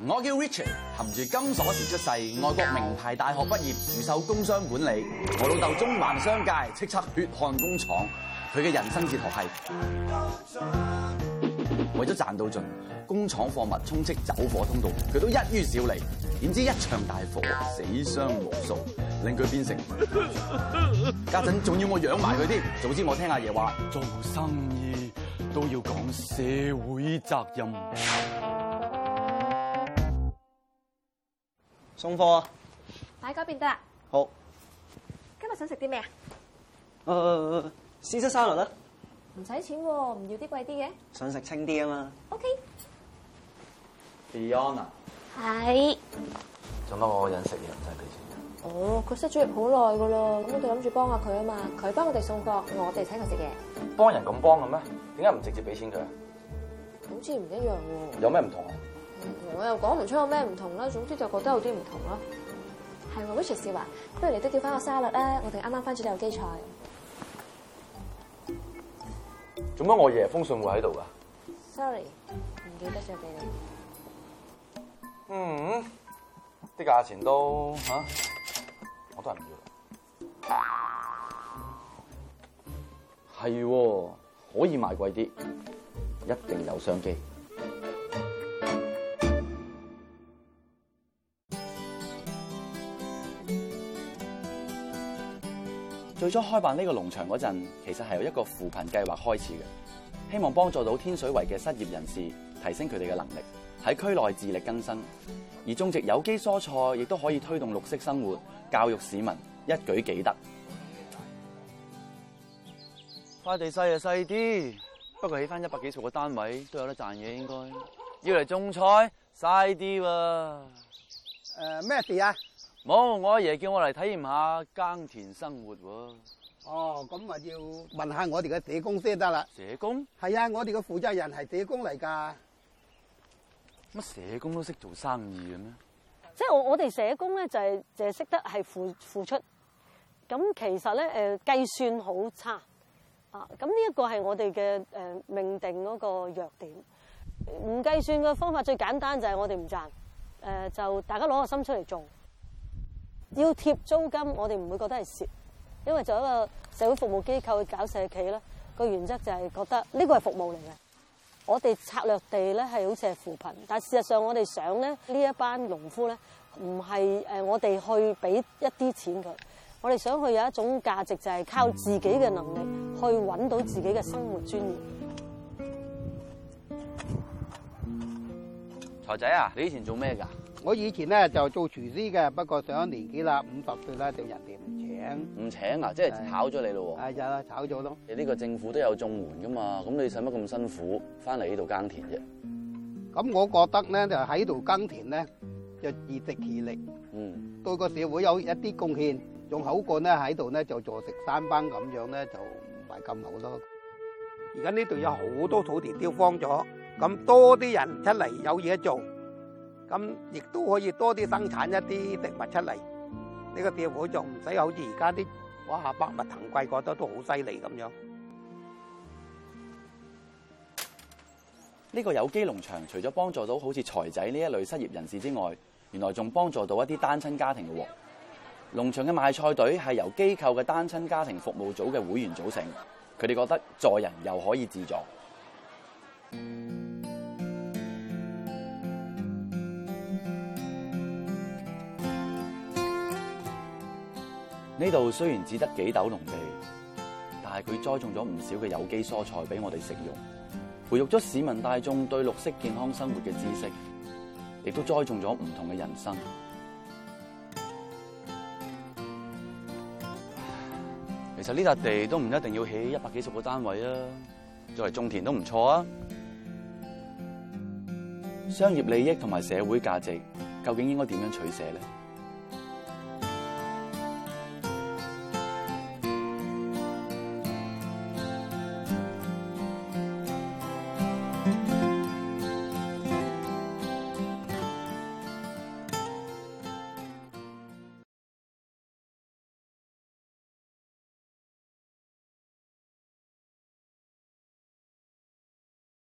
我叫 Richard，含住金鎖匙出世，外國名牌大學畢業，主修工商管理。我老豆中環商界，叱咤血汗工廠。佢嘅人生哲學係為咗賺到盡，工廠貨物充斥走火通道，佢都一於少理。點知一場大火，死傷無數，令佢變成家陣仲要我養埋佢添。早知我聽阿爺話，做生意都要講社會責任。送貨啊！擺喺嗰邊得啦。好今天。今日想食啲咩啊？誒，鮮汁沙律啦。唔使錢喎，唔要啲貴啲嘅。想食清啲啊嘛。OK。Beyond 啊。係。做乜我飲食嘢唔使錢㗎？哦，佢失咗業好耐㗎啦，咁我哋諗住幫下佢啊嘛，佢幫我哋送貨，我哋請佢食嘢。幫人咁幫嘅咩？點解唔直接俾錢佢？好似唔一樣喎。有咩唔同啊？嗯、我又講唔出有咩唔同啦，總之就覺得有啲唔同啦。係，Viciss 話不如你都叫翻個沙律咧，我哋啱啱翻咗有機菜。做乜我夜封信會喺度噶？Sorry，唔記得咗俾你。嗯，啲價錢都吓、啊，我都係唔要。係，可以賣貴啲，一定有商機。最初開辦呢個農場嗰陣，其實係由一個扶貧計劃開始嘅，希望幫助到天水圍嘅失業人士提升佢哋嘅能力，喺區內自力更生，而種植有機蔬菜亦都可以推動綠色生活，教育市民一舉幾得。塊地細就細啲，不過起翻一百幾十個單位都有得賺嘢，應該要嚟種菜，嘥啲喎。誒，咩事啊？呃冇，我阿爺叫我嚟體驗下耕田生活喎。哦，咁咪要問下我哋嘅社工先得啦。社工？係啊，我哋嘅負責人係社工嚟㗎。乜社工都識做生意嘅咩？即係我我哋社工咧，就係就係識得係付付出。咁其實咧，誒計算好差啊。咁呢一個係我哋嘅誒命定嗰個弱點。唔計算嘅方法最簡單就係我哋唔賺誒，就大家攞個心出嚟做。要貼租金，我哋唔會覺得係蝕，因為做一個社會服務機構去搞社企咧，個原則就係覺得呢個係服務嚟嘅。我哋策略地咧係好似係扶貧，但事實上我哋想咧呢一班農夫咧，唔係誒我哋去俾一啲錢佢，我哋想去有一種價值就係靠自己嘅能力去搵到自己嘅生活專業。財仔啊，你以前做咩㗎？我以前咧就做廚師嘅，不過上咗年紀啦，五十歲啦，就人哋唔請。唔請啊，即係炒咗你咯？係就係炒咗咯。你呢個政府都有綜援噶嘛？咁你使乜咁辛苦翻嚟呢度耕田啫？咁我覺得咧就喺度耕田咧，就自食其力。嗯。對個社會有一啲貢獻，仲好過咧喺度咧就坐食山崩咁樣咧，就唔係咁好咯。而家呢度有好多土地丟荒咗，咁多啲人出嚟有嘢做。咁亦都可以多啲生產一啲植物出嚟，呢個政會仲唔使好似而家啲下百物騰貴，覺得都好犀利咁樣。呢個有機農場除咗幫助到好似財仔呢一類失業人士之外，原來仲幫助到一啲單親家庭嘅喎。農場嘅賣菜隊係由機構嘅單親家庭服務組嘅會員組成，佢哋覺得助人又可以自助。嗯呢度雖然只得幾斗農地，但係佢栽種咗唔少嘅有機蔬菜俾我哋食用，培育咗市民大眾對綠色健康生活嘅知識，亦都栽種咗唔同嘅人生。其實呢笪地都唔一定要起一百幾十個單位啊，作為種田都唔錯啊。商業利益同埋社會價值究竟應該點樣取捨咧？